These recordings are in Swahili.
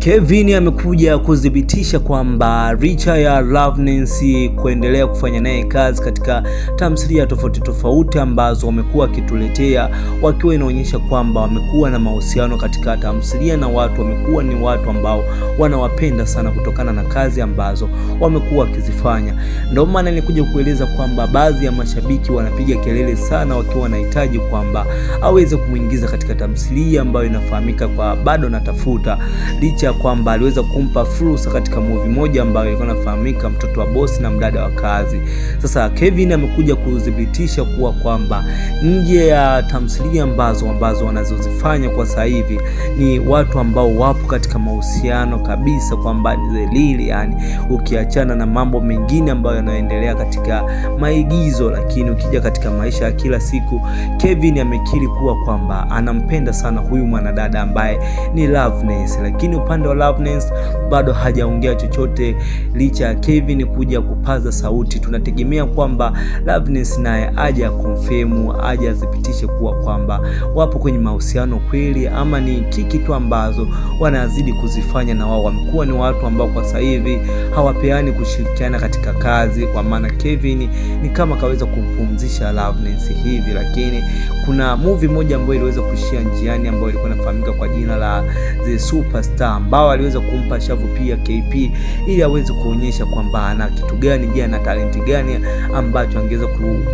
Kevin amekuja kuthibitisha kwamba licha ya Loveness kuendelea kufanya naye kazi katika tamthilia tofauti tofauti ambazo wamekuwa wakituletea, wakiwa inaonyesha kwamba wamekuwa na mahusiano katika tamthilia na watu wamekuwa ni watu ambao wanawapenda sana kutokana na kazi ambazo wamekuwa wakizifanya. Ndio maana nilikuja kueleza kwamba baadhi ya mashabiki wanapiga kelele sana, wakiwa wanahitaji kwamba aweze kumwingiza katika tamthilia ambayo inafahamika kwa Bado Natafuta licha ya kwamba aliweza kumpa fursa katika movie moja ambayo ilikuwa inafahamika mtoto wa bosi na mdada wa kazi. Sasa Kevin amekuja kudhibitisha kuwa kwamba nje ya tamthilia ambazo ambazo wanazozifanya kwa sasa hivi ni watu ambao wapo katika mahusiano kabisa, kwamba zelili, yani ukiachana na mambo mengine ambayo yanaendelea katika maigizo, lakini ukija katika maisha ya kila siku, Kevin amekiri kuwa kwamba anampenda sana huyu mwanadada ambaye ni Loveness, lakini upande upande wa Loveness bado hajaongea chochote licha ya Kevin kuja kupaza sauti. Tunategemea kwamba Loveness naye aje confirm, aje azipitishe kuwa kwamba wapo kwenye mahusiano kweli, ama ni kiki tu ambazo wanazidi kuzifanya, na wao wamekuwa ni watu ambao kwa sasa hivi hawapeani kushirikiana katika kazi, kwa maana Kevin ni kama kaweza kumpumzisha Loveness hivi, lakini kuna movie moja ambayo iliweza kushia njiani ambayo ilikuwa inafahamika kwa jina la The Superstar ambao aliweza kumpa shavu pia KP ili aweze kuonyesha kwamba ana kitu gani, je, ana talenti gani ambacho angeweza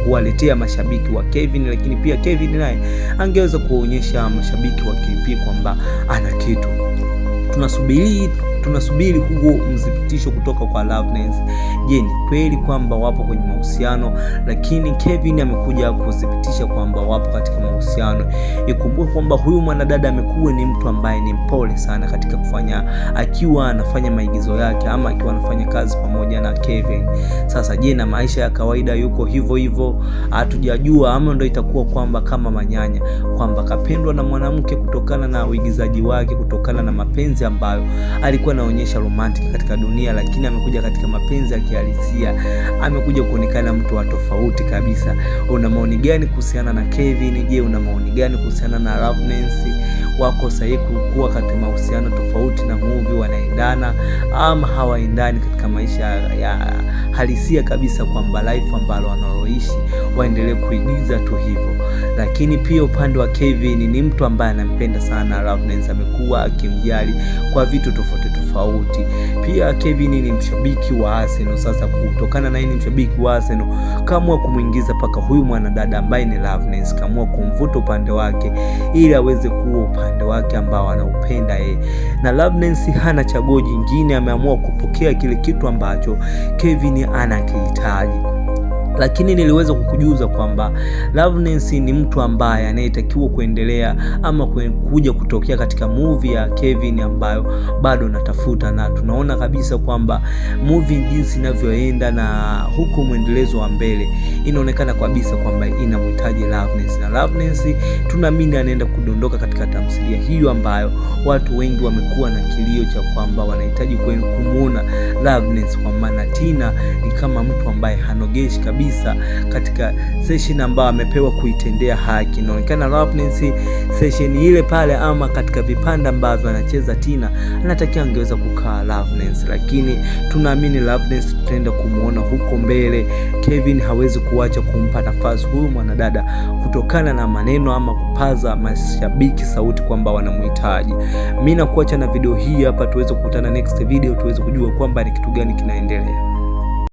kuwaletea mashabiki wa Kevin, lakini pia Kevin naye angeweza kuonyesha mashabiki wa KP kwamba ana kitu. Tunasubiri tunasubiri huo mzipitisho kutoka kwa Loveness. Je, ni kweli kwamba wapo kwenye mahusiano? Lakini Kevin amekuja kuthibitisha kwamba wapo katika mahusiano. Ikumbuke kwamba huyu mwanadada amekuwa ni mtu ambaye ni mpole sana katika kufanya, akiwa anafanya maigizo yake ama akiwa anafanya kazi pamoja na Kevin. Sasa je, na maisha ya kawaida yuko hivyo hivyo? Hatujajua ama ndo itakuwa kwamba kama manyanya kwamba kapendwa na mwanamke kutokana na uigizaji wake, kutokana na mapenzi ambayo alikuwa anaonyesha romantic katika dunia, lakini amekuja katika mapenzi ya kihalisia, amekuja kuonekana mtu wa tofauti kabisa. Una maoni gani kuhusiana na Kevin? Je, una maoni gani kuhusiana na Loveness? Wako sahihi kukua katika mahusiano tofauti na muvi, wanaendana ama hawaendani katika maisha ya halisia kabisa, kwamba life ambalo wanaloishi waendelee kuigiza tu hivyo? lakini pia upande wa Kevin ni mtu ambaye anampenda sana Loveness, amekuwa akimjali kwa vitu tofauti tofauti. Pia Kevin ni mshabiki wa Arsenal. Sasa kutokana na yeye ni mshabiki wa Arsenal, kaamua kumwingiza paka huyu mwanadada ambaye ni Loveness, kaamua kumvuta upande wake ili aweze kuwa upande wake ambao anaupenda yeye, na Loveness hana chaguo jingine, ameamua kupokea kile kitu ambacho Kevin anakihitaji lakini niliweza kukujuza kwamba Loveness ni mtu ambaye anayetakiwa kuendelea ama kuja kutokea katika movie ya Kevin ambayo bado natafuta, na tunaona kabisa kwamba movie jinsi inavyoenda na huko mwendelezo wa mbele, inaonekana kabisa kwamba inamhitaji Loveness, na Loveness tunaamini anaenda kudondoka katika tamthilia hiyo ambayo watu wengi wamekuwa na kilio cha kwamba wanahitaji kumwona Loveness, kwa maana Tina ni kama mtu ambaye hanogeshi kabisa kabisa katika session ambayo amepewa kuitendea haki. Inaonekana Lovelace session ile pale, ama katika vipande ambavyo anacheza Tina, anatakiwa angeweza kukaa Lovelace, lakini tunaamini Lovelace tutaenda kumwona huko mbele. Kevin hawezi kuacha kumpa nafasi huyu mwanadada kutokana na maneno ama kupaza mashabiki sauti kwamba wanamhitaji Mimi nakuacha na video hii hapa, tuweze kukutana next video, tuweze kujua kwamba ni kitu gani kinaendelea.